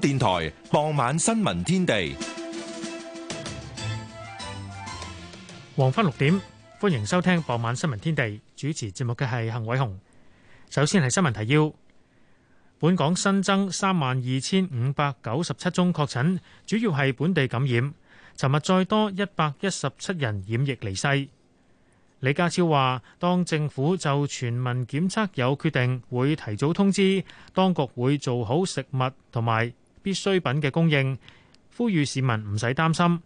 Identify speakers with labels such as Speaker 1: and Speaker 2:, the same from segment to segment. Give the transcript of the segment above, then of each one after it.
Speaker 1: 電台傍晚新聞天地，黃昏
Speaker 2: 六點歡迎收聽傍晚新聞天地。主持節目嘅係幸偉雄。首先係新聞提要：本港新增三萬二千五百九十七宗確診，主要係本地感染。尋日再多一百一十七人染疫離世。李家超話，當政府就全民檢測有決定，會提早通知，當局會做好食物同埋。必需品嘅供應，呼籲市民唔使擔心。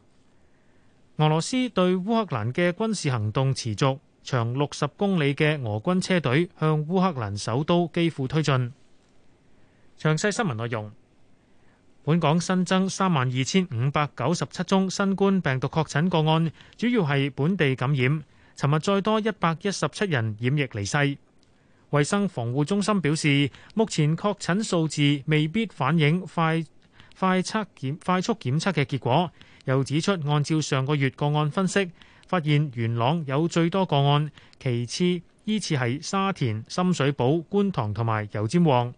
Speaker 2: 俄羅斯對烏克蘭嘅軍事行動持續，長六十公里嘅俄軍車隊向烏克蘭首都基輔推進。詳細新聞內容，本港新增三萬二千五百九十七宗新冠病毒確診個案，主要係本地感染。尋日再多一百一十七人染疫離世。衛生防護中心表示，目前確診數字未必反映快快測檢快速檢測嘅結果。又指出，按照上個月個案分析，發現元朗有最多個案，其次依次係沙田、深水埗、觀塘同埋油尖旺。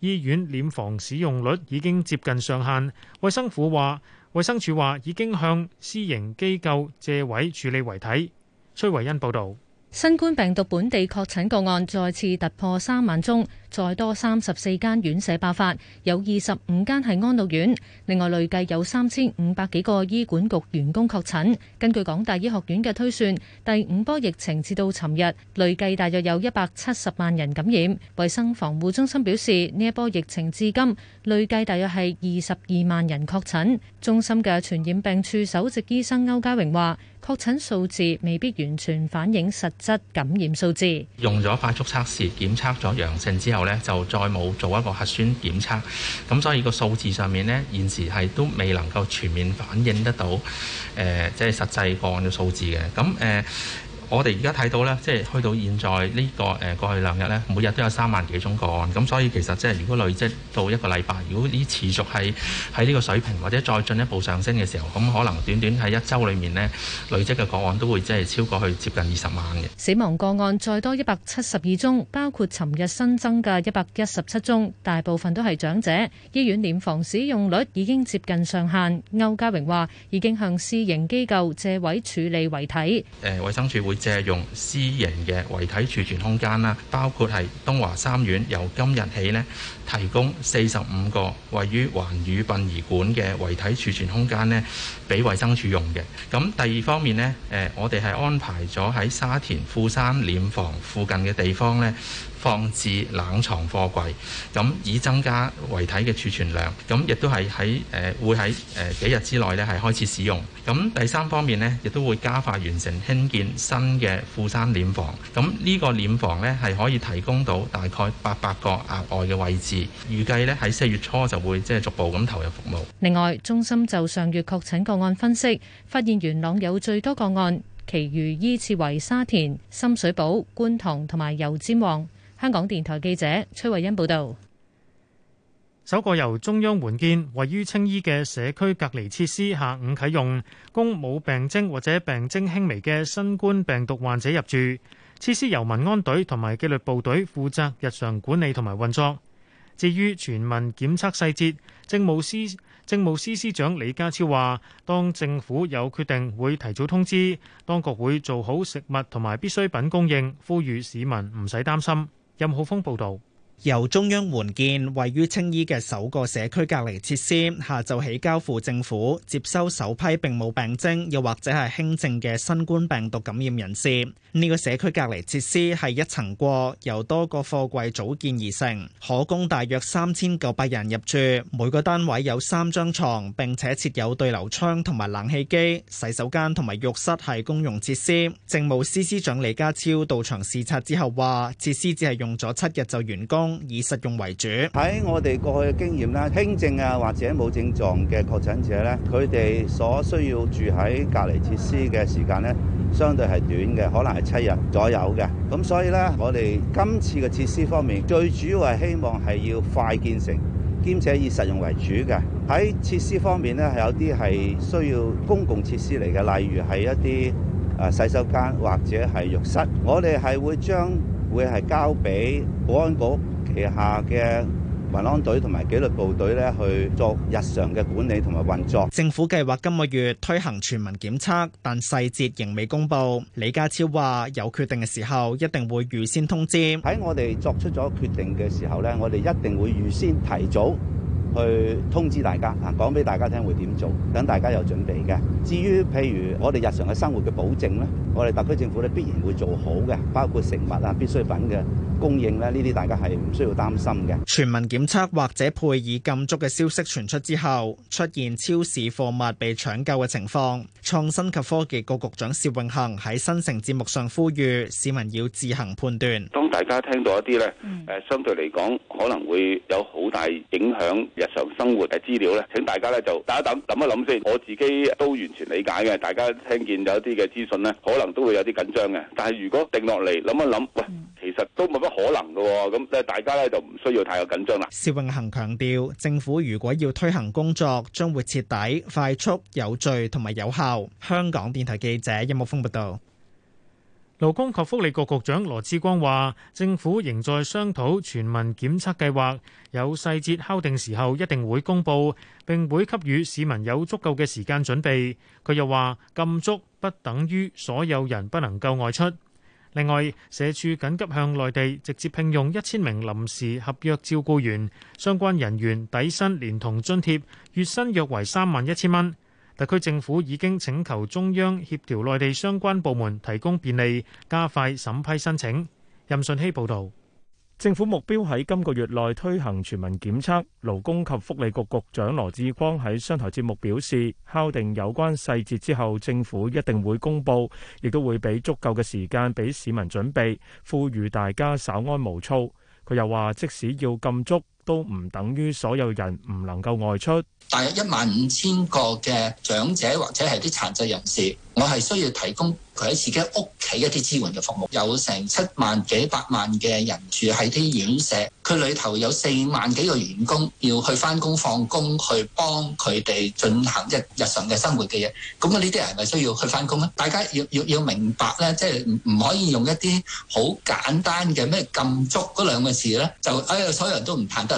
Speaker 2: 醫院殮房使用率已經接近上限。衛生署話，衛生署話已經向私營機構借位處理遺體。崔維恩報導。
Speaker 3: 新冠病毒本地確診個案再次突破三萬宗，再多三十四間院舍爆發，有二十五間係安老院。另外，累計有三千五百幾個醫管局員工確診。根據港大醫學院嘅推算，第五波疫情至到尋日累計大約有一百七十萬人感染。衛生防護中心表示，呢一波疫情至今累計大約係二十二萬人確診。中心嘅傳染病處首席醫生歐家榮話。確診數字未必完全反映實質感染數字。
Speaker 1: 用咗快速測試檢測咗陽性之後呢，就再冇做一個核酸檢測，咁所以個數字上面呢，現時係都未能夠全面反映得到，誒、呃，即係實際個案嘅數字嘅。咁誒。呃我哋而家睇到咧，即係去到現在呢個誒，過去兩日咧，每日都有三萬幾宗個案，咁所以其實即係如果累積到一個禮拜，如果呢持續係喺呢個水平或者再進一步上升嘅時候，咁可能短短喺一周裏面咧，累積嘅個案都會即係超過去接近二十萬嘅。
Speaker 3: 死亡個案再多一百七十二宗，包括尋日新增嘅一百一十七宗，大部分都係長者。醫院殮房使用率已經接近上限。歐家榮話已經向私營機構借位處理遺體。誒，
Speaker 1: 衛生署會。借用私營嘅遺體儲存空間啦，包括係東華三院由今日起咧提供四十五個位於環宇殯儀館嘅遺體儲存空間咧，俾衛生署用嘅。咁第二方面咧，誒、呃、我哋係安排咗喺沙田富山殮房附近嘅地方咧。放置冷藏貨櫃，咁以增加遺體嘅儲存量。咁亦都係喺誒會喺誒幾日之內咧，係開始使用。咁第三方面呢，亦都會加快完成興建新嘅富山殮房。咁、這、呢個殮房呢，係可以提供到大概八百個額外嘅位置，預計呢，喺四月初就會即係逐步咁投入服務。
Speaker 3: 另外，中心就上月確診個案分析，發現元朗有最多個案，其餘依次為沙田、深水埗、觀塘同埋油尖旺。香港電台記者崔慧欣報道：
Speaker 2: 首個由中央援建、位於青衣嘅社區隔離設施下午啟用，供冇病徵或者病徵輕微嘅新冠病毒患者入住。設施由民安隊同埋紀律部隊負責日常管理同埋運作。至於全民檢測細節，政務司政務司司長李家超話，當政府有決定會提早通知，當局會做好食物同埋必需品供應，呼籲市民唔使擔心。任浩峰報道。
Speaker 4: 由中央援建，位於青衣嘅首個社區隔離設施，下晝起交付政府接收首批並冇病徵又或者係輕症嘅新冠病毒感染人士。呢個社區隔離設施係一層過，由多個貨櫃組建而成，可供大約三千九百人入住。每個單位有三張床，並且設有對流窗同埋冷氣機。洗手間同埋浴室係公用設施。政務司司長李家超到場視察之後話，設施只係用咗七日就完工。以實用為主。喺我哋過去嘅經驗啦，輕症啊或者冇症狀嘅確診者呢，佢哋所需要住喺隔離設施嘅時間呢，相對係短嘅，可能係七日左右嘅。咁所以呢，我哋今次嘅設施方面，最主要係希望係要快建成，兼且以實用為主嘅。喺設施方面呢，係有啲係需要公共設施嚟嘅，例如係一啲啊洗手間或者係浴室，我哋係會將會係交俾保安局。地下嘅民安隊同埋紀律部隊咧，去作日常嘅管理同埋運作。政府計劃今個月推行全民檢測，但細節仍未公佈。李家超話：有決定嘅時候，一定會預先通知。喺我哋作出咗決定嘅時候咧，我哋一定會預先提早。去通知大家，嗱，講俾大家聽會點做，等大家有準備嘅。至於譬如我哋日常嘅生活嘅保證咧，我哋特區政府咧必然會做好嘅，包括食物啊必需品嘅供應咧，呢啲大家係唔需要擔心嘅。全民檢測或者配以禁足嘅消息傳出之後，出現超市貨物被搶購嘅情況。創新及科技局局，局長薛永恒喺新城節目上呼籲市民要自行判斷。
Speaker 5: 當大家聽到一啲呢，誒、嗯、相
Speaker 6: 對嚟講可能會有好大影響。日常生活嘅資料呢，請大家呢就等一等諗一諗先。我自己都完全理解嘅，大家聽見有啲嘅資訊呢，可能都會有啲緊張嘅。但係如果定落嚟諗一諗，喂，其實都冇乜可能嘅。咁誒，大
Speaker 5: 家呢就唔需要太過緊張啦。
Speaker 4: 邵永恒強調，政府如果要推行工作，將會徹底、快速、有序同埋有效。香港電台記者任木峯報道。
Speaker 2: 勞工及福利局局長羅致光話：政府仍在商討全民檢測計劃，有細節敲定時候一定會公佈，並會給予市民有足夠嘅時間準備。佢又話：禁足不等於所有人不能夠外出。另外，社署緊急向內地直接聘用一千名臨時合約照顧員，相關人員底薪連同津貼，月薪約為三萬一千蚊。特區政府已經請求中央協調內地相關部門提供便利，加快審批申請。任信希報導，政府目
Speaker 5: 標喺今個月內推行全民檢測。勞工及福利局局長羅致光喺商台節目表示，敲定有關細節之後，政府一定會公佈，亦都會俾足夠嘅時間俾市民準備，呼籲大家稍安無躁。佢又話，即使要禁足，都唔等於所有人唔能夠外出。
Speaker 7: 大約一萬五千個嘅長者或者係啲殘疾人士，我係需要提供佢喺自己屋企一啲支援嘅服務。有成七萬幾百萬嘅人住喺啲院舍，佢裏頭有四萬幾個員工要去翻工放工，去幫佢哋進行即係日常嘅生活嘅嘢。咁啊，呢啲人係咪需要去翻工咧？大家要要要明白咧，即係唔唔可以用一啲好簡單嘅咩禁足嗰兩個字咧，就哎，所有人都唔得。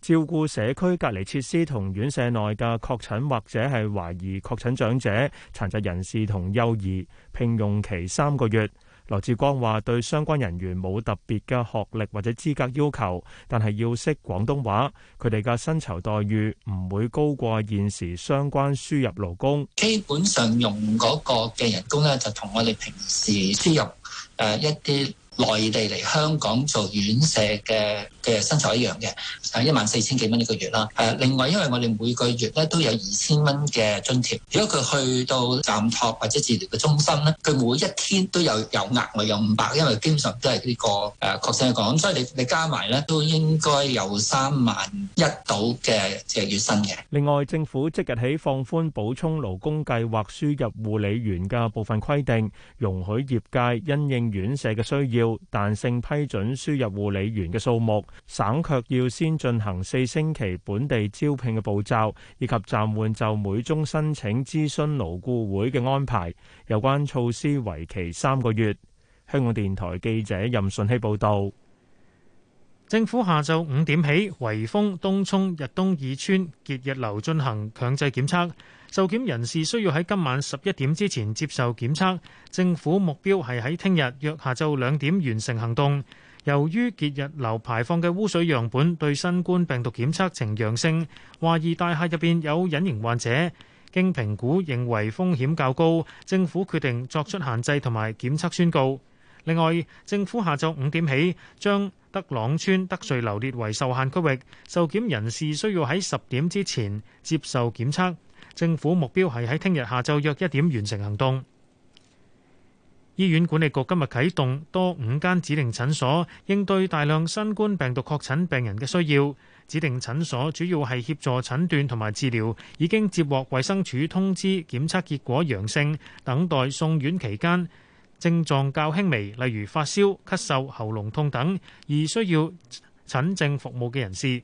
Speaker 5: 照顧社區隔離設施同院舍內嘅確診或者係懷疑確診長者、殘疾人士同幼兒，聘用期三個月。羅致光話：對相關人員冇特別嘅學歷或者資格要求，但係要識廣東話。佢哋嘅薪酬待遇唔會高過現時相關輸入勞工。
Speaker 7: 基本上用嗰個嘅人工咧，就同我哋平時輸入誒一啲。內地嚟香港做院舍嘅嘅薪酬一樣嘅，誒一萬四千幾蚊一個月啦。誒另外，因為我哋每個月咧都有二千蚊嘅津貼，如果佢去到暫託或者治療嘅中心咧，佢每一天都有有額外有五百，因為基本上都係呢個誒確實嘅講，所以你你加埋咧都應該有三萬一到嘅，即係月薪嘅。
Speaker 5: 另外，政府即日起放寬補充勞工計劃輸入護理員嘅部分規定，容許業界因應院舍嘅需要。彈性批准輸入護理員嘅數目，省卻要先進行四星期本地招聘嘅步驟，以及暫緩就每宗申請諮詢勞顧會嘅安排。有關措施為期三個月。香港電台記者任順希
Speaker 2: 報道。政府下晝五點起，圍封東涌逸東二邨潔逸樓進行強制檢測。受檢人士需要喺今晚十一點之前接受檢測。政府目標係喺聽日約下晝兩點完成行動。由於傑日流排放嘅污水樣本對新冠病毒檢測呈陽性，懷疑大廈入邊有隱形患者，經評估認為風險較高，政府決定作出限制同埋檢測宣告。另外，政府下晝五點起將德朗村德瑞樓列為受限區域，受檢人士需要喺十點之前接受檢測。政府目標係喺聽日下晝約一點完成行動。醫院管理局今日啟動多五間指定診所，應對大量新冠病毒確診病人嘅需要。指定診所主要係協助診斷同埋治療，已經接獲衛生署通知檢測結果陽性，等待送院期間，症狀較輕微，例如發燒、咳嗽、喉嚨痛等，而需要診症服務嘅人士。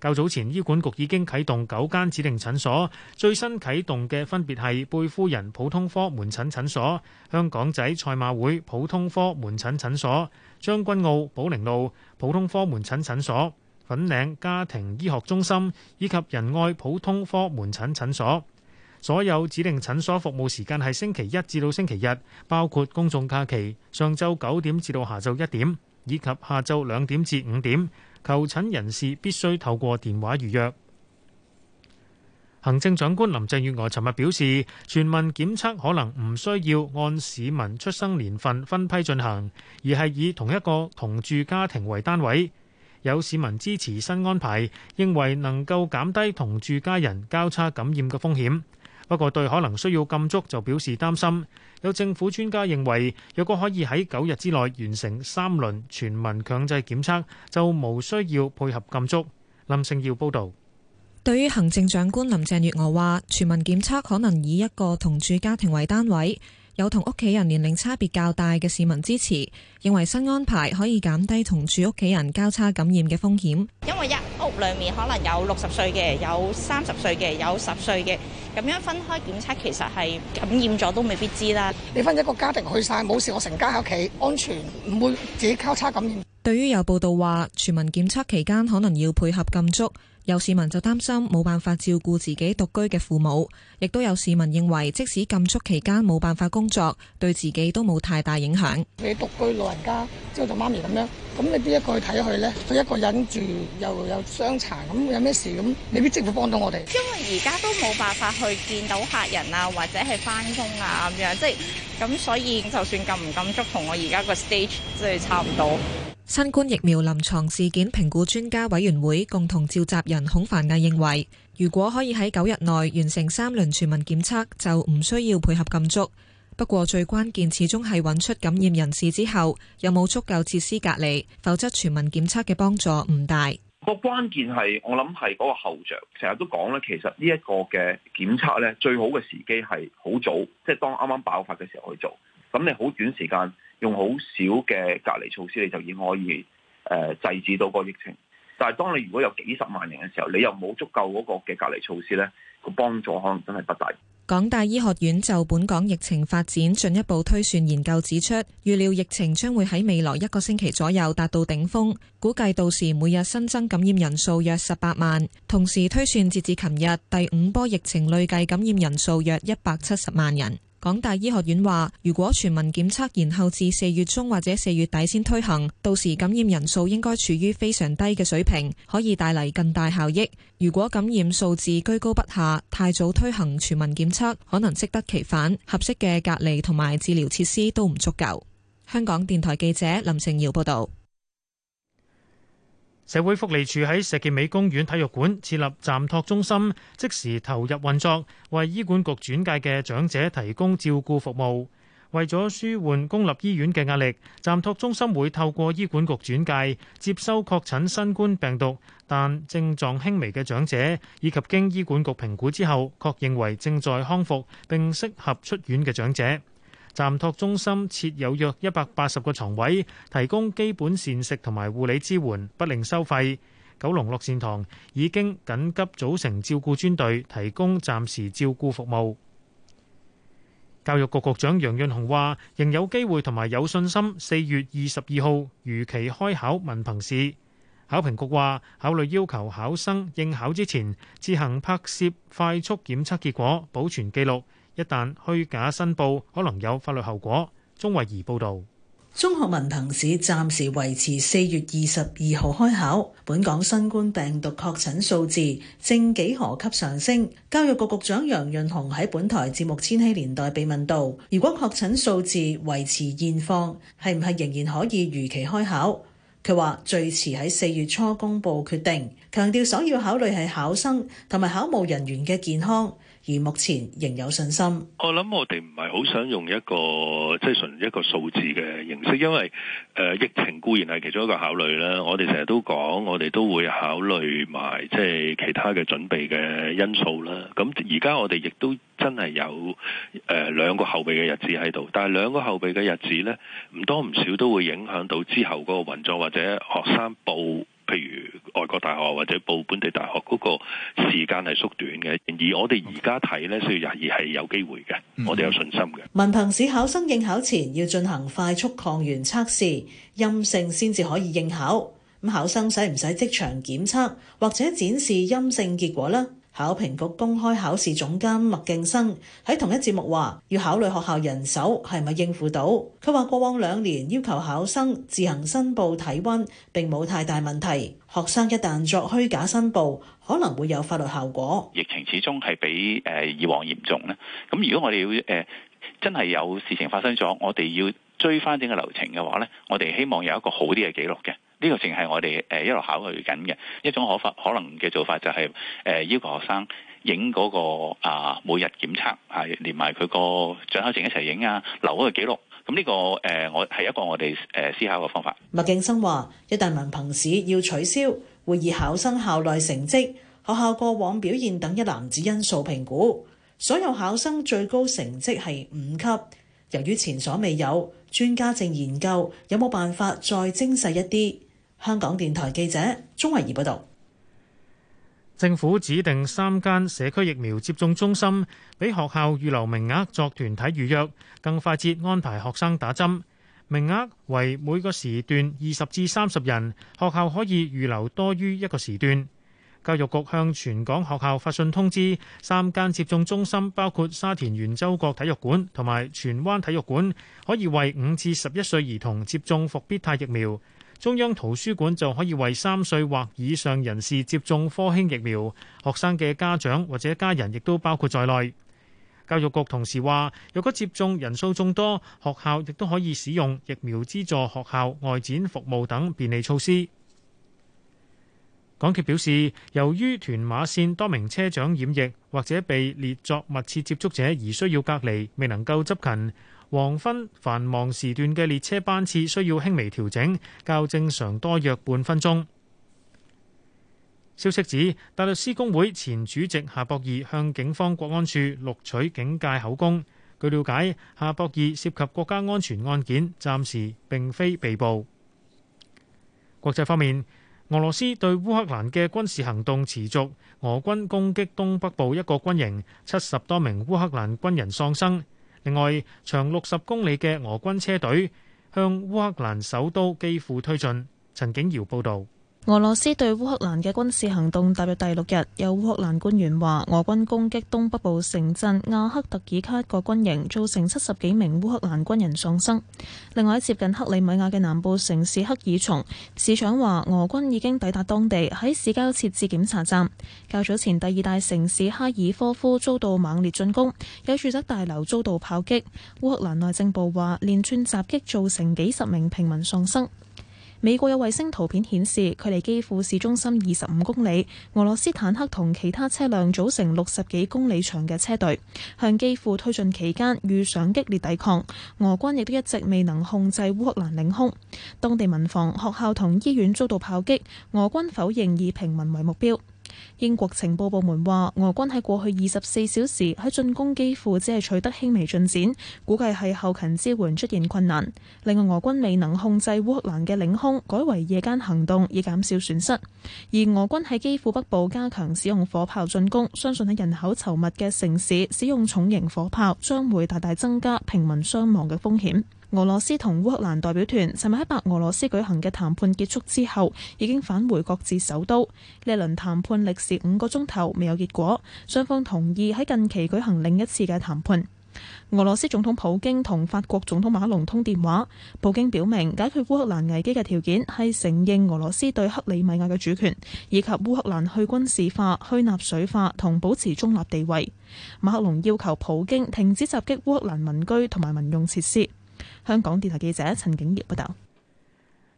Speaker 2: 較早前，醫管局已經啟動九間指定診所，最新啟動嘅分別係貝夫人普通科門診診所、香港仔賽馬會普通科門診診所、將軍澳寶寧路普通科門診診所、粉嶺家庭醫學中心以及仁愛普通科門診診所。所有指定診所服務時間係星期一至到星期日，包括公眾假期，上晝九點至到下晝一點，以及下晝兩點至五點。求診人士必須透過電話預約。行政長官林鄭月娥尋日表示，全民檢測可能唔需要按市民出生年份分批進行，而係以同一個同住家庭為單位。有市民支持新安排，認為能夠減低同住家人交叉感染嘅風險。不過，對可能需要禁足就表示擔心。有政府專家認為，若果可以喺九日之內完成三輪全民強制檢測，就無需要配合禁足。林盛耀報導。
Speaker 8: 對於行政長官林鄭月娥話，全民檢測可能以一個同住家庭為單位。有同屋企人年齡差別較大嘅市民支持，認為新安排可以減低同住屋企人交叉感染嘅風險。
Speaker 9: 因為一屋裏面可能有六十歲嘅，有三十歲嘅，有十歲嘅，咁樣分開檢測，其實係感染咗都未必知啦。
Speaker 10: 你分一個家庭去晒冇事，我成家喺屋企安全，唔會自己交叉感染。
Speaker 8: 對於有報道話，全民檢測期間可能要配合禁足。有市民就擔心冇辦法照顧自己獨居嘅父母，亦都有市民認為即使禁足期間冇辦法工作，對自己都冇太大影響。
Speaker 10: 你獨居老人家之後就媽咪咁
Speaker 1: 樣，咁你邊一個去睇佢呢？佢一個人住又，又傷殘有傷殘，咁有咩事咁？未必即會幫到我哋？
Speaker 9: 因為而家都冇辦法去見到客人啊，或者係返工啊咁樣，即係咁，所以就算禁唔禁足同我而家個 stage 即係差唔多。嗯
Speaker 8: 新冠疫苗臨床事件評估專家委員會共同召集人孔繁毅認為，如果可以喺九日內完成三輪全民檢測，就唔需要配合禁足。不過最關鍵始終係揾出感染人士之後，有冇足夠設施隔離，否則全民檢測嘅幫助唔大。
Speaker 5: 個關鍵係我諗係嗰個後著，成日都講咧，其實呢一個嘅檢測咧，最好嘅時機係好早，即係當啱啱爆發嘅時候去做。咁你好短時間。用好少嘅隔離措施，你就已經可以誒、呃、制止到個疫情。但係當你如果有幾十萬人嘅時候，你又冇足夠嗰個嘅隔離措施咧，個幫助可能真係不大。
Speaker 8: 港大醫學院就本港疫情發展進一步推算研究指出，預料疫情將會喺未來一個星期左右達到頂峰，估計到時每日新增感染人數約十八萬。同時推算截至琴日第五波疫情累計感染人數約一百七十萬人。港大醫學院話：如果全民檢測延後至四月中或者四月底先推行，到時感染人數應該處於非常低嘅水平，可以帶嚟更大效益。如果感染數字居高不下，太早推行全民檢測可能適得其反。合適嘅隔離同埋治療設施都唔足夠。香港電台記者林靜瑤報道。
Speaker 2: 社會福利處喺石硤尾公園體育館設立暫托中心，即時投入運作，為醫管局轉介嘅長者提供照顧服務。為咗舒緩公立醫院嘅壓力，暫托中心會透過醫管局轉介，接收確診新冠病毒但症狀輕微嘅長者，以及經醫管局評估之後確認為正在康復並適合出院嘅長者。暫託中心設有約一百八十個床位，提供基本膳食同埋護理支援，不另收費。九龍樂善堂已經緊急組成照顧專隊，提供暫時照顧服務。教育局局長楊潤雄話，仍有機會同埋有信心，四月二十二號如期開考文憑試。考評局話，考慮要求考生應考之前自行拍攝快速檢測結果，保存記錄。一旦虛假申報，可能有法律後果。鍾慧儀報導，
Speaker 11: 中學文憑試暫時維持四月二十二號開考。本港新冠病毒確診數字正幾何級上升。教育局局長楊潤雄喺本台節目《千禧年代》被問到：「如果確診數字維持現況，係唔係仍然可以如期開考？」佢話最遲喺四月初公布決定，強調首要考慮係考生同埋考務人員嘅健康。而目前仍有信心。
Speaker 12: 我諗我哋唔係
Speaker 1: 好想用一個即係純一個數字嘅形式，因為誒、呃、疫情固然係其中一個考慮啦。我哋成日都講，我哋都會考慮埋即係其他嘅準備嘅因素啦。咁而家我哋亦都真係有誒、呃、兩個後備嘅日子喺度，但係兩個後備嘅日子咧，唔多唔少都會影響到之後嗰個運作或者學生報，譬如。外國大學或者報本地大學嗰個時間係縮短嘅，而我哋而家睇咧，四月廿二係有機會嘅，我哋有信心嘅。
Speaker 11: 文憑試考生應考前要進行快速抗原測試，陰性先至可以應考。咁考生使唔使即場檢測或者展示陰性結果呢？考評局公開考試總監麥敬生喺同一節目話，要考慮學校人手係咪應付到。佢話過往兩年要求考生自行申報體溫，並冇太大問題。學生一旦作虛假申報，可能會有法律效果。
Speaker 1: 疫情始終係比誒以往嚴重咧。咁如果我哋要誒真係有事情發生咗，我哋要追翻整個流程嘅話咧，我哋希望有一個好啲嘅記錄嘅。呢個淨係我哋誒一路考慮緊嘅一種可發可能嘅做法，就係誒要求學生影嗰個啊每日檢測，係連埋佢個准考證一齊影啊，留嗰個記錄。咁呢個誒我係一個我哋誒思考嘅方法。
Speaker 11: 麥敬生話：一旦文憑試要取消，會以考生校內成績、學校過往表現等一籃子因素評估，所有考生最高成績係五級。由於前所未有，專家正研究有冇辦法再精細一啲。香港電台記者鍾慧怡報道，
Speaker 2: 政府指定三間社區疫苗接種中心，俾學校預留名額作團體預約，更快捷安排學生打針。名額為每個時段二十至三十人，學校可以預留多於一個時段。教育局向全港學校發信通知，三間接種中心包括沙田圓洲角體育館同埋荃灣體育館，可以為五至十一歲兒童接種復必泰疫苗。中央圖書館就可以為三歲或以上人士接種科興疫苗，學生嘅家長或者家人亦都包括在內。教育局同時話，若果接種人數眾多，學校亦都可以使用疫苗資助學校外展服務等便利措施。港鐵表示，由於屯馬線多名車長染疫或者被列作密切接觸者而需要隔離，未能夠執勤。黃昏繁忙時段嘅列車班次需要輕微調整，較正常多約半分鐘。消息指，大律師公會前主席夏博義向警方國安處錄取警戒口供。據了解，夏博義涉及國家安全案件，暫時並非被捕。國際方面，俄羅斯對烏克蘭嘅軍事行動持續，俄軍攻擊東北部一個軍營，七十多名烏克蘭軍人喪生。另外，長六十公里嘅俄軍車隊向烏克蘭首都基輔推進。陳景瑤報導。
Speaker 9: 俄羅斯對烏克蘭嘅軍事行動踏入第六日，有烏克蘭官員話，俄軍攻擊東北部城鎮亞克特爾卡一個軍營，造成七十幾名烏克蘭軍人喪生。另外，接近克里米亞嘅南部城市克爾松，市長話俄軍已經抵達當地，喺市郊設置檢查站。較早前，第二大城市哈爾科夫遭到猛烈進攻，有住宅大樓遭到炮擊。烏克蘭內政部話，連串襲擊，擊造成幾十名平民喪生。美國有衛星圖片顯示，距離基輔市中心二十五公里，俄羅斯坦克同其他車輛組成六十幾公里長嘅車隊，向基輔推進期間遇上激烈抵抗。俄軍亦都一直未能控制烏克蘭領空，當地民房、學校同醫院遭到炮擊。俄軍否認以平民為目標。英國情報部門話，俄軍喺過去二十四小時喺進攻基輔只係取得輕微進展，估計係後勤支援出現困難。另外，俄軍未能控制烏克蘭嘅領空，改為夜間行動以減少損失。而俄軍喺基輔北部加強使用火炮進攻，相信喺人口稠密嘅城市使用重型火炮將會大大增加平民傷亡嘅風險。俄羅斯同烏克蘭代表團尋日喺白俄羅斯舉行嘅談判結束之後，已經返回各自首都。呢輪談判歷時五個鐘頭，未有結果。雙方同意喺近期舉行另一次嘅談判。俄羅斯總統普京同法國總統馬克龍通電話，普京表明解決烏克蘭危機嘅條件係承認俄羅斯對克里米亞嘅主權，以及烏克蘭去軍事化、去納粹化同保持中立地位。馬克龍要求普京停止襲擊烏克蘭民居同埋民用設施。香港電台記者陳景業報道，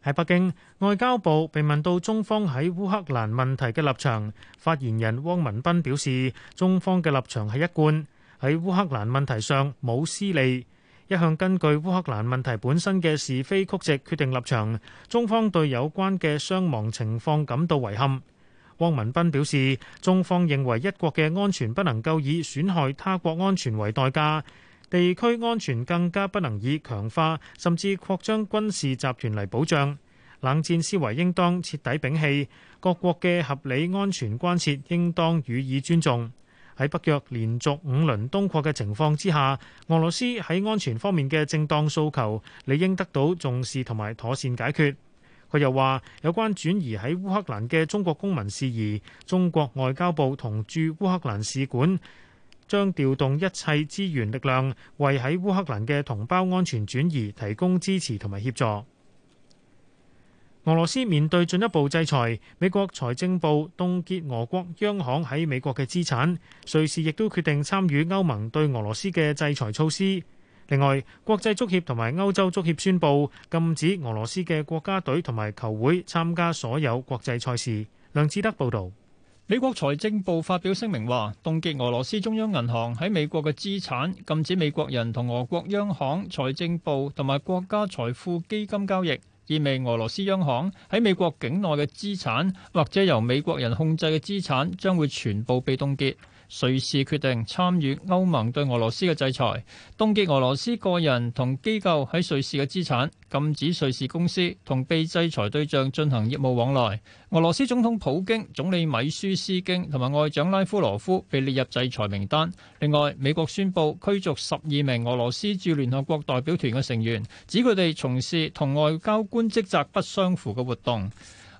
Speaker 2: 喺北京，外交部被問到中方喺烏克蘭問題嘅立場，發言人汪文斌表示，中方嘅立場係一貫，喺烏克蘭問題上冇私利，一向根據烏克蘭問題本身嘅是非曲直決定立場。中方對有關嘅傷亡情況感到遺憾。汪文斌表示，中方認為一國嘅安全不能夠以損害他國安全為代價。地區安全更加不能以強化甚至擴張軍事集團嚟保障，冷戰思維應當徹底摒棄，各國嘅合理安全關切應當予以尊重。喺北約連續五輪東擴嘅情況之下，俄羅斯喺安全方面嘅正當訴求理應得到重視同埋妥善解決。佢又話：有關轉移喺烏克蘭嘅中國公民事宜，中國外交部同駐烏克蘭使館將調動一切資源力量，為喺烏克蘭嘅同胞安全轉移提供支持同埋協助。俄羅斯面對進一步制裁，美國財政部凍結俄國央行喺美國嘅資產，瑞士亦都決定參與歐盟對俄羅斯嘅制裁措施。另外，國際足協同埋歐洲足協宣布禁止俄羅斯嘅國家隊同埋
Speaker 12: 球會參加所有國際賽事。梁志德報導。美國財政部發表聲明話，凍結俄羅斯中央銀行喺美國嘅資產，禁止美國人同俄國央行、財政部同埋國家財富基金交易，意味俄羅斯央行喺美國境內嘅資產或者由美國人控制嘅資產將會全部被凍結。瑞士決定參與歐盟對俄羅斯嘅制裁，凍結俄羅斯個人同機構喺瑞士嘅資產，禁止瑞士公司同被制裁對象進行業務往來。俄羅斯總統普京、總理米舒斯京同埋外長拉夫羅夫被列入制裁名單。另外，美國宣布驅逐十二名俄羅斯駐聯合國代表團嘅成員，指佢哋從事同外交官職責不相符嘅活動。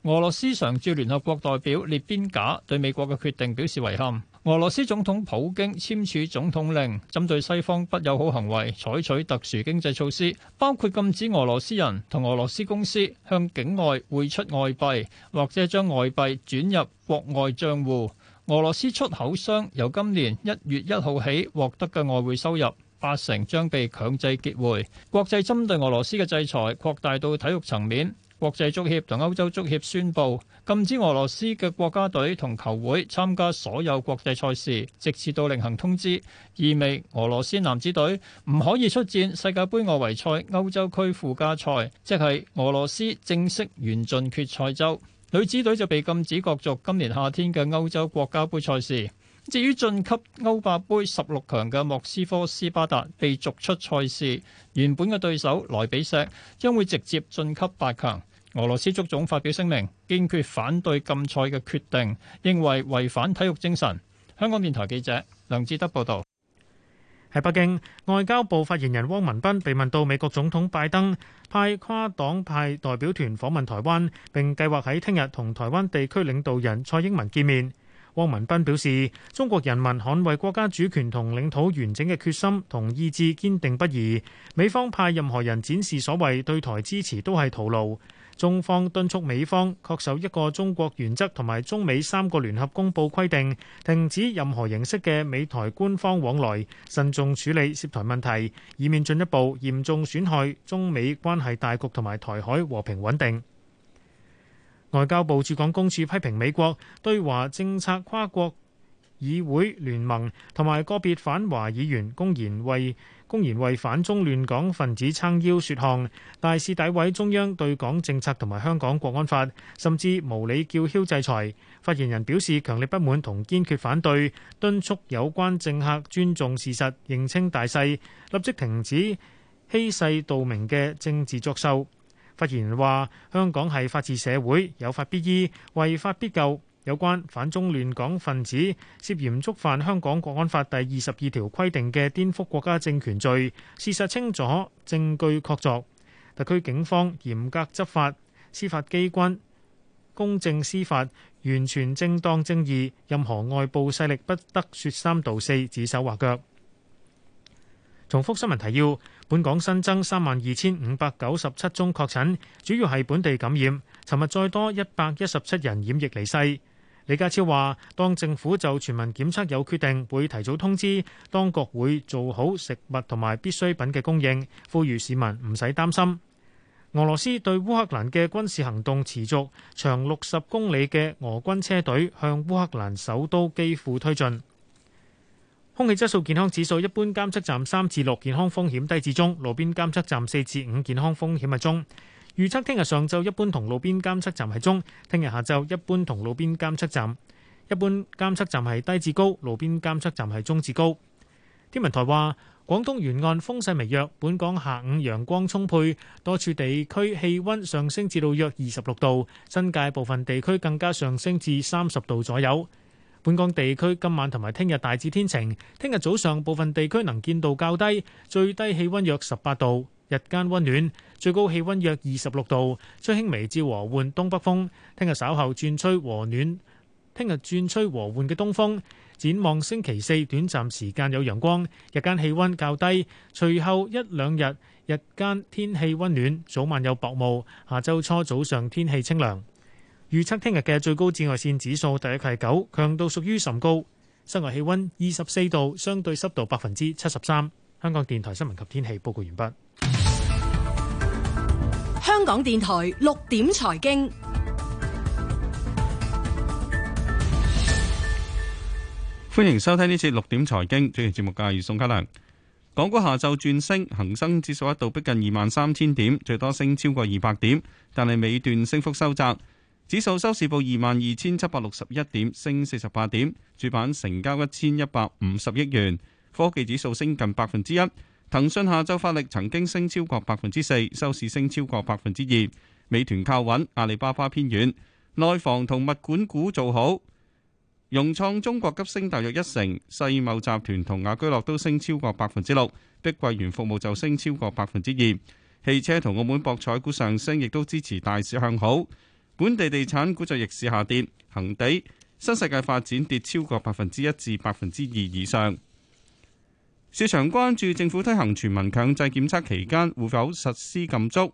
Speaker 12: 俄羅斯常駐聯合國代表列邊賈對美國嘅決定表示遺憾。俄羅斯總統普京簽署總統令，針對西方不友好行為採取特殊經濟措施，包括禁止俄羅斯人同俄羅斯公司向境外匯出外幣，或者將外幣轉入國外賬戶。俄羅斯出口商由今年一月一號起獲得嘅外匯收入，八成將被強制結匯。國際針對俄羅斯嘅制裁擴大到體育層面。國際足協同歐洲足協宣布禁止俄羅斯嘅國家隊同球會參加所有國際賽事，直至到另行通知。意味俄羅斯男子隊唔可以出戰世界盃外圍賽歐洲區附加賽，即係俄羅斯正式完進決賽周。女子隊就被禁止角逐今年夏天嘅歐洲國家盃賽事。至於晉級歐霸盃十六強嘅莫斯科斯巴達被逐出賽事，原本嘅對手萊比錫將會直接晉級八強。俄羅斯足總發表聲明，堅決反對禁賽嘅決定，認為違反體育精神。香港電台記者梁志德報道。喺北京，外交部發言
Speaker 2: 人汪文斌被問到美國總統拜登派跨黨派代表團訪問台灣，並計劃喺聽日同台灣地區領導人蔡英文見面。汪文斌表示，中國人民捍衛國家主權同領土完整嘅決心同意志堅定不移。美方派任何人展示所謂對台支持，都係徒勞。中方敦促美方恪守一個中國原則同埋中美三個聯合公佈規定，停止任何形式嘅美台官方往來，慎重處理涉台問題，以免進一步嚴重損害中美關係大局同埋台海和平穩定。外交部駐港公署批評美國對華政策跨國議會聯盟同埋個別反華議員，公然為。公然為反中亂港分子撐腰説項，大肆詆毀中央對港政策同埋香港國安法，甚至無理叫囂制裁。發言人表示強烈不滿同堅決反對，敦促有關政客尊重事實，認清大勢，立即停止欺世盜名嘅政治作秀。發言人話：香港係法治社會，有法必依，違法必究。有關反中亂港分子涉嫌觸犯香港國安法第二十二條規定嘅顛覆國家政權罪，事實清楚，證據確鑿。特區警方嚴格執法，司法機關公正司法，完全正當正義。任何外部勢力不得説三道四、指手畫腳。重複新聞提要：本港新增三萬二千五百九十七宗確診，主要係本地感染。尋日再多一百一十七人染疫離世。李家超話：當政府就全民檢測有決定，會提早通知，當局會做好食物同埋必需品嘅供應，呼籲市民唔使擔心。俄羅斯對烏克蘭嘅軍事行動持續，長六十公里嘅俄軍車隊向烏克蘭首都基輔推進。空氣質素健康指數一般監測站三至六，健康風險低至中；路邊監測站四至五，健康風險係中。預測聽日上晝一般同路邊監測站係中，聽日下晝一般同路邊監測站，一般監測站係低至高，路邊監測站係中至高。天文台話，廣東沿岸風勢微弱，本港下午陽光充沛，多處地區氣温上升至到約二十六度，新界部分地區更加上升至三十度左右。本港地區今晚同埋聽日大致天晴，聽日早上部分地區能見度較低，最低氣温約十八度。日間温暖，最高氣温約二十六度，吹輕微至和緩東北風。聽日稍後轉吹和暖，聽日轉吹和緩嘅東風。展望星期四短暫時間有陽光，日間氣温較低。隨後一兩日日間天氣温暖，早晚有薄霧。下周初早上天氣清涼。預測聽日嘅最高紫外線指數大約係九，強度屬於甚高。室外氣温二十四度，相對濕度百分之七十三。香港電台新聞及天氣報告完畢。
Speaker 3: 香港電台六點財經，
Speaker 6: 歡迎收聽呢次六點財經主持節目嘅係宋嘉良。港股下晝轉升，恒生指數一度逼近二萬三千點，最多升超過二百點，但係尾段升幅收窄，指數收市報二萬二千七百六十一點，升四十八點，主板成交一千一百五十億元，科技指數升近百分之一。騰訊下晝發力，曾經升超過百分之四，收市升超過百分之二。美團靠穩，阿里巴巴偏軟。內房同物管股做好，融創中國急升大約一成。世茂集團同雅居樂都升超過百分之六。碧桂園服務就升超過百分之二。汽車同澳門博彩股上升，亦都支持大市向好。本地地產股就逆市下跌，恒地、新世界發展跌超過百分之一至百分之二以上。市場關注政府推行全民強制檢測期間，會否實施禁足。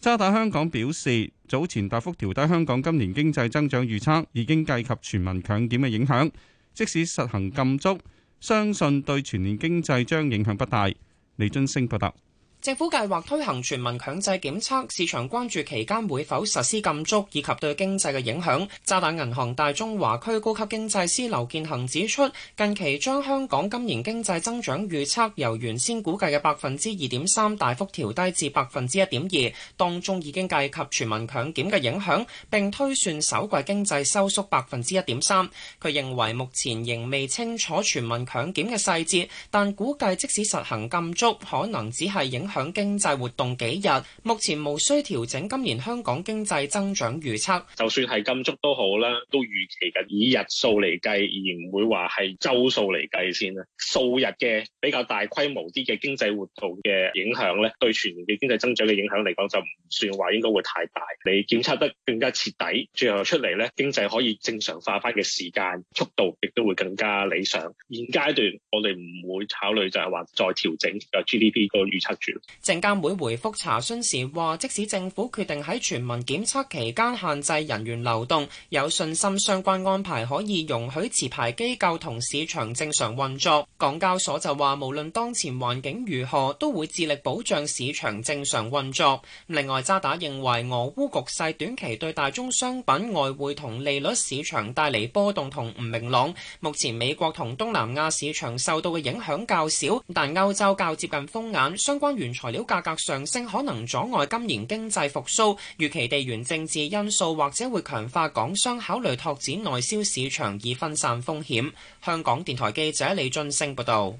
Speaker 6: 渣打香港表示，早前大幅調低香港今年經濟增長預測，已經計及全民強檢嘅影響。即使實行禁足，相信對全年經濟將影響不大。李津升報道。
Speaker 13: 政府計劃推行全民強制檢測，市場關注期間會否實施禁足，以及對經濟嘅影響。渣打銀行大中華區高級經濟師劉建恒指出，近期將香港今年經濟增長預測由原先估計嘅百分之二點三大幅調低至百分之一點二，當中已經計及全民強檢嘅影響，並推算首季經濟收縮百分之一點三。佢認為目前仍未清楚全民強檢嘅細節，但估計即使實行禁足，可能只係影。響經濟活動幾日，目前無需調整今年香港經濟增長預測。
Speaker 2: 就算係禁足都好啦，都預期嘅以日數嚟計，而唔會
Speaker 5: 話係周數嚟計先啦。數日嘅比較大規模啲嘅經濟活動嘅影響咧，對全年嘅經濟增長嘅影響嚟講就唔算話應該會太大。你檢測得更加徹底，最後出嚟咧經濟可以正常化翻嘅時間速度亦都會更加理想。現階段我哋唔會考慮就係話再調整個 GDP 個預
Speaker 13: 測值。證監會回覆查詢時話，即使政府決定喺全民檢測期間限制人員流動，有信心相關安排可以容許持牌機構同市場正常運作。港交所就話，無論當前環境如何，都會致力保障市場正常運作。另外，渣打認為俄烏局勢短期對大宗商品、外匯同利率市場帶嚟波動同唔明朗。目前美國同東南亞市場受到嘅影響較少，但歐洲較接近風眼，相關源。原材料價格上升可能阻礙今年經濟復甦，預期地緣政治因素或者會強化港商考慮拓展內銷市場以分散風險。香港電台記者李俊升報道，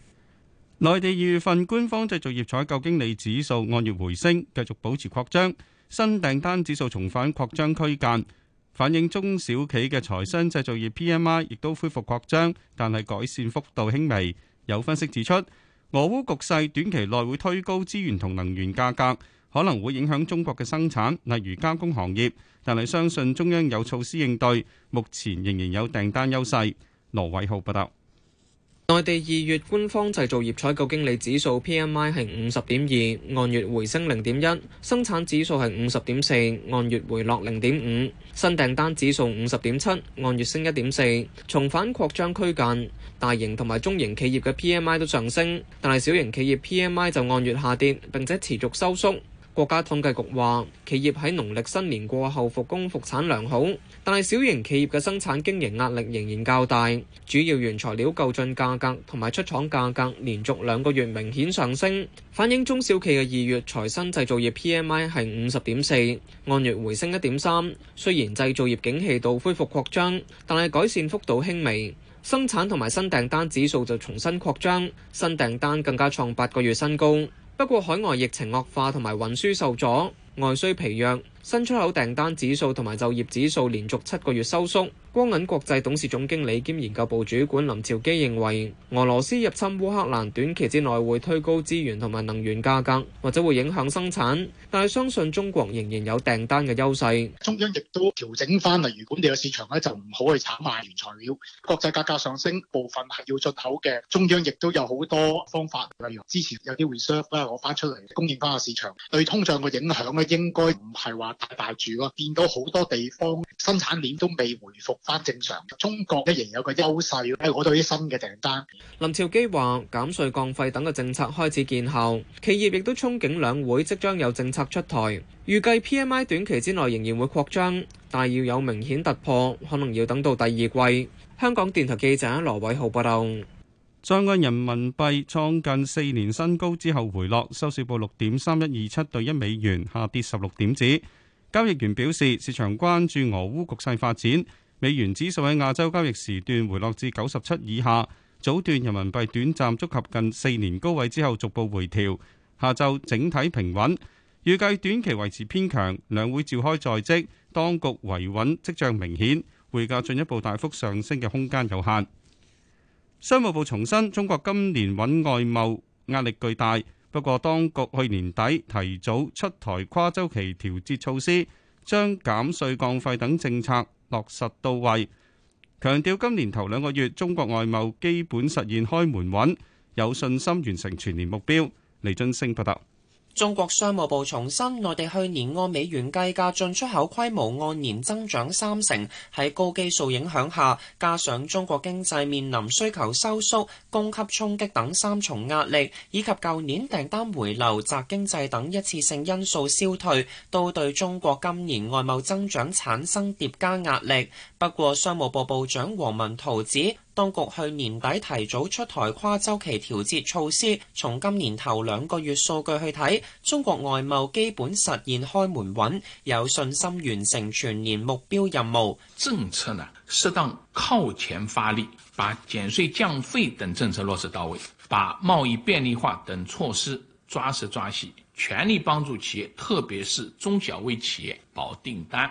Speaker 6: 內地二月份官方製造業採購經理指數按月回升，繼續保持擴張，新訂單指數重返擴張區間，反映中小企嘅財新製造業 PMI 亦都恢復擴張，但係改善幅度輕微。有分析指出。俄烏局勢短期內會推高資源同能源價格，可能會影響中國嘅生產，例如加工行業。但係相信中央有措施應對，目前仍然有訂單優勢。羅偉浩報道。
Speaker 14: 內地二月官方製造業採購經理指數 P M I 係五十點二，按月回升零點一，生產指數係五十點四，按月回落零點五，新訂單指數五十點七，按月升一點四，重返擴張區間。大型同埋中型企業嘅 P M I 都上升，但係小型企業 P M I 就按月下跌，並且持續收縮。國家統計局話，企業喺農曆新年過後復工復產良好，但係小型企業嘅生產經營壓力仍然較大，主要原材料購進價格同埋出廠價格連續兩個月明顯上升，反映中小企嘅二月財新製造業 PMI 係五十點四，按月回升一點三。雖然製造業景氣度恢復擴張，但係改善幅度輕微，生產同埋新訂單指數就重新擴張，新訂單更加創八個月新高。不過海外疫情惡化同埋運輸受阻，外需疲弱，新出口訂單指數同埋就業指數連續七個月收縮。光銀國際董事總經理兼研究部主管林朝基認為，俄羅斯入侵烏克蘭短期之內會推高資源同埋能源價格，或者會影響生產，但係相信中國仍然有訂單嘅優勢。中央亦都調整翻嚟，例如本地嘅市場咧就唔好去炒賣原材料，國際價格上升
Speaker 2: 部分係要進口嘅。中央亦都有好多方法，例如之前有啲 reserve 咧攞翻出嚟供應翻個市場。對通脹嘅影響咧應該唔係話大大住咯，見到好多
Speaker 14: 地方生產鏈都未回復。翻正常，中國咧仍有個優勢喺嗰度啲新嘅訂單。林朝基話：減稅降費等嘅政策開始見效，企業亦都憧憬兩會即將有政策出台。預計 P M I 短期之內仍然會擴張，但係要有明顯突破，可能要等到第二季。香港電台記者羅偉
Speaker 6: 浩報道：，上岸人民幣創近四年新高之後回落，收市報六點三一二七對一美元，下跌十六點子。交易員表示，市場關注俄烏局勢發展。美元指數喺亞洲交易時段回落至九十七以下，早段人民幣短暫觸及近四年高位之後，逐步回調。下晝整體平穩，預計短期維持偏強。兩會召開在即，當局維穩跡象明顯，匯價進一步大幅上升嘅空間有限。商務部重申，中國今年穩外貿壓力巨大，不過當局去年底提早出台跨周期調節措施，將減稅降費等政策。落實到位，強調今年頭兩個月中國外貿基本實現開門穩，有信心完成全年目標。李津升報道。
Speaker 13: 中國商務部重申，內地去年按美元計價進出口規模按年增長三成。喺高基數影響下，加上中國經濟面臨需求收縮、供給衝擊等三重壓力，以及舊年訂單回流、宅經濟等一次性因素消退，都對中國今年外貿增長產生疊加壓力。不過，商務部部長王文濤指。當局去年底提早出台跨周期調節措施，從今年頭兩個月數據去睇，中國外貿基本實現開門穩，有信心完成全
Speaker 1: 年目標任務。政策呢，適當靠前發力，把減稅降費等政策落實到位，把貿易便利化等措施抓實抓細，全力幫助企業，特別是中小微企業保訂單。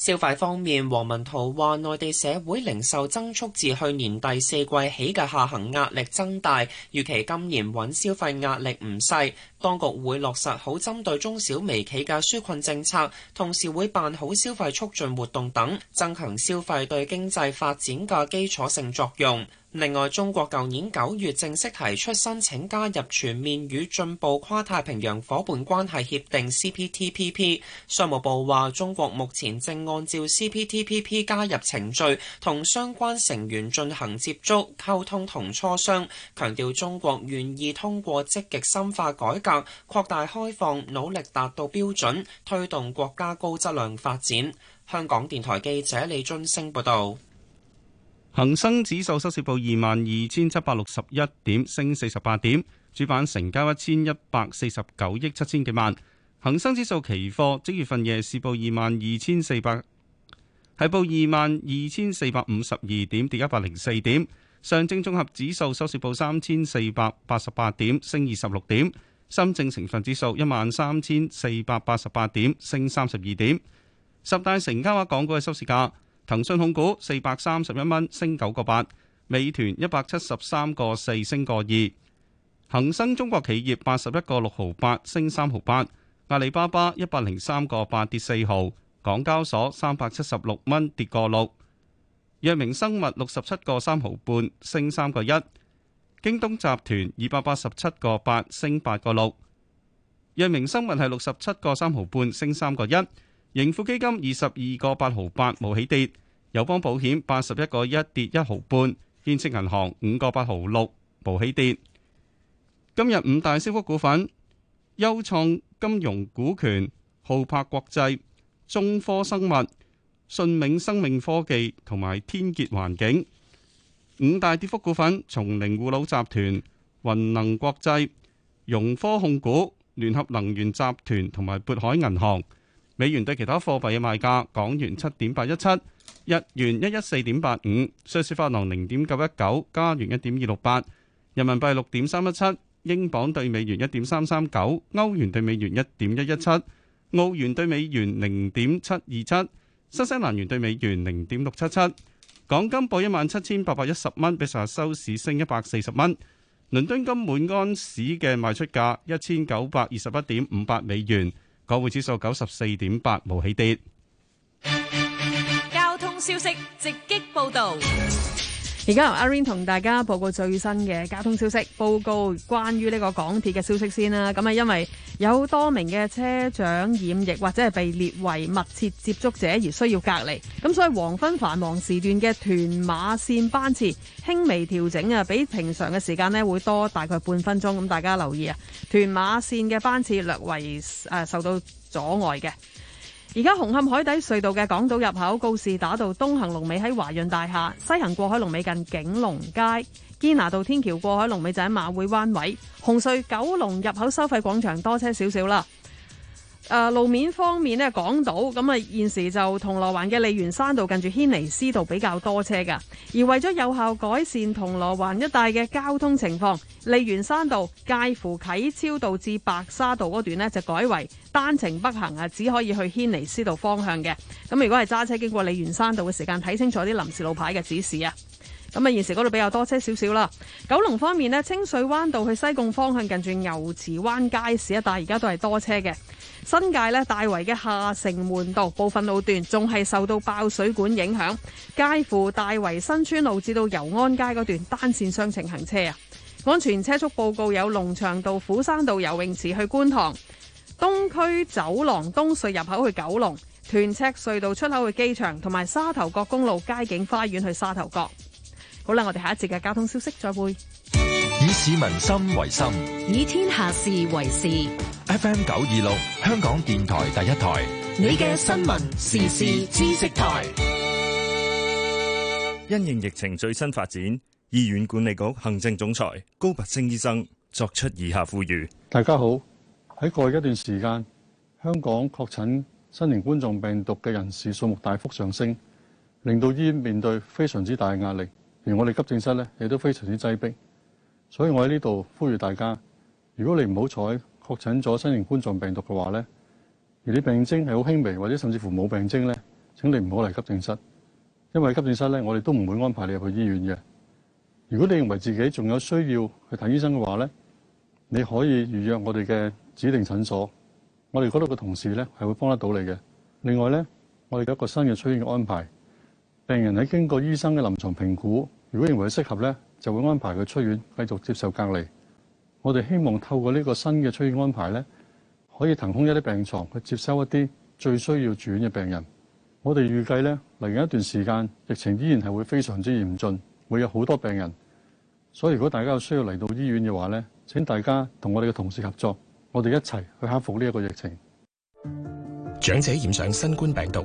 Speaker 13: 消費方面，黃文濤話：內地社會零售增速自去年第四季起嘅下行壓力增大，預期今年穩消費壓力唔細。當局會落實好針對中小微企嘅紓困政策，同時會辦好消費促進活動等，增強消費對經濟發展嘅基礎性作用。另外，中國舊年九月正式提出申請加入全面與進步跨太平洋伙伴關係協定 （CPTPP）。商務部話，中國目前正按照 CPTPP 加入程序同相關成員進行接觸、溝通同磋商，強調中國願意通過積極深化改革、擴大開放，努力達到標準，推動國家高質量發展。香港電台記者李俊升報導。
Speaker 6: 恒生指數收市報二萬二千七百六十一點，升四十八點。主板成交一千一百四十九億七千幾萬。恒生指數期貨即月份夜市報二萬二千四百，係報二萬二千四百五十二點，跌一百零四點。上證綜合指數收市報三千四百八十八點，升二十六點。深證成分指數一萬三千四百八十八點，升三十二點。十大成交額港股嘅收市價。騰訊控股四百三十一蚊，升九個八；美團一百七十三個四，升個二；恒生中國企業八十一個六毫八，升三毫八；阿里巴巴一百零三個八，跌四毫；港交所三百七十六蚊，跌個六；藥明生物六十七個三毫半，升三個一；京東集團二百八十七個八，升八個六；藥明生物係六十七個三毫半，升三個一。盈富基金二十二個八毫八，無起跌；友邦保險八十一個一，跌一毫半，建設銀行五個八毫六，無起跌。今日五大升幅股份：優創金融、股權浩柏國際、中科生物、信銘生命科技同埋天傑環境。五大跌幅股份：松齡護老集團、雲能國際、融科控股、聯合能源集團同埋渤海銀行。美元對其他貨幣嘅賣價：港元七點八一七，日元一一四點八五，瑞士法郎零點九一九，加元一點二六八，人民幣六點三一七，英鎊對美元一點三三九，歐元對美元一點一一七，澳元對美元零點七二七，新西蘭元對美元零點六七七。港金報一萬七千八百一十蚊，比上日收市升一百四十蚊。倫敦金滿安市嘅賣出價一千九百二十一點五八美元。港匯指數九十四點八，冇起跌。交通消息直擊報道。
Speaker 15: 而家由阿 Rain 同大家報告最新嘅交通消息，報告關於呢個港鐵嘅消息先啦。咁啊，因為有多名嘅車長染疫或者係被列為密切接觸者而需要隔離，咁所以黃昏繁忙時段嘅屯馬線班次輕微調整啊，比平常嘅時間呢會多大概半分鐘。咁大家留意啊，屯馬線嘅班次略為誒、呃、受到阻礙嘅。而家紅磡海底隧道嘅港島入口，告士打道東行龍尾喺華潤大廈，西行過海龍尾近景隆街，堅拿道天橋過海龍尾就喺馬會灣位，紅隧九龍入口收費廣場多車少少啦。誒、呃、路面方面呢，講到，咁、嗯、啊現時就銅鑼灣嘅利園山道近住軒尼詩道比較多車嘅，而為咗有效改善銅鑼灣一帶嘅交通情況，利園山道介乎啟超道至白沙道嗰段呢，就改為單程北行啊，只可以去軒尼詩道方向嘅。咁、嗯、如果係揸車經過利園山道嘅時間，睇清楚啲臨時路牌嘅指示啊！咁啊，現時嗰度比較多車少少啦。九龍方面咧，清水灣道去西貢方向，近住牛池灣街市一帶，而家都係多車嘅。新界咧，大圍嘅下城門道部分路段仲係受到爆水管影響，介乎大圍新村路至到油安街嗰段單線雙程行車啊。安全車速報告有龍翔道、虎山道游泳池去觀塘、東區走廊東隧入口去九龍、屯赤隧道出口去機場，同埋沙頭角公路佳景花園去沙頭角。好啦，我哋下一節嘅交通消息再會。
Speaker 12: 以市民心為心，
Speaker 15: 以天下事為事。
Speaker 1: FM 九二六，香港電台第一台，你嘅新聞時事知識台。因應疫情
Speaker 10: 最新發展，醫院管理局行政總裁高拔升醫生作出以下呼籲：大家好，喺過去一段時間，香港確診新型冠狀病毒嘅人士數目大幅上升，令到醫院面對非常之大嘅壓力。而我哋急症室咧亦都非常之擠迫，所以我喺呢度呼籲大家：如果你唔好彩確診咗新型冠狀病毒嘅話咧，而你病徵係好輕微或者甚至乎冇病徵咧，請你唔好嚟急症室，因為急症室咧我哋都唔會安排你入去醫院嘅。如果你認為自己仲有需要去睇醫生嘅話咧，你可以預約我哋嘅指定診所，我哋嗰度嘅同事咧係會幫得到你嘅。另外咧，我哋有一個新嘅出院嘅安排。病人喺經過醫生嘅臨床評估，如果認為適合呢，就會安排佢出院，繼續接受隔離。我哋希望透過呢個新嘅出院安排呢，可以騰空一啲病床去接收一啲最需要住院嘅病人。我哋預計呢，嚟緊一段時間，疫情依然係會非常之嚴峻，會有好多病人。所以如果大家有需要嚟到醫院嘅話呢，請大家同
Speaker 1: 我哋嘅同事合作，我哋一齊去克服呢一個疫情。長者染上新冠病毒，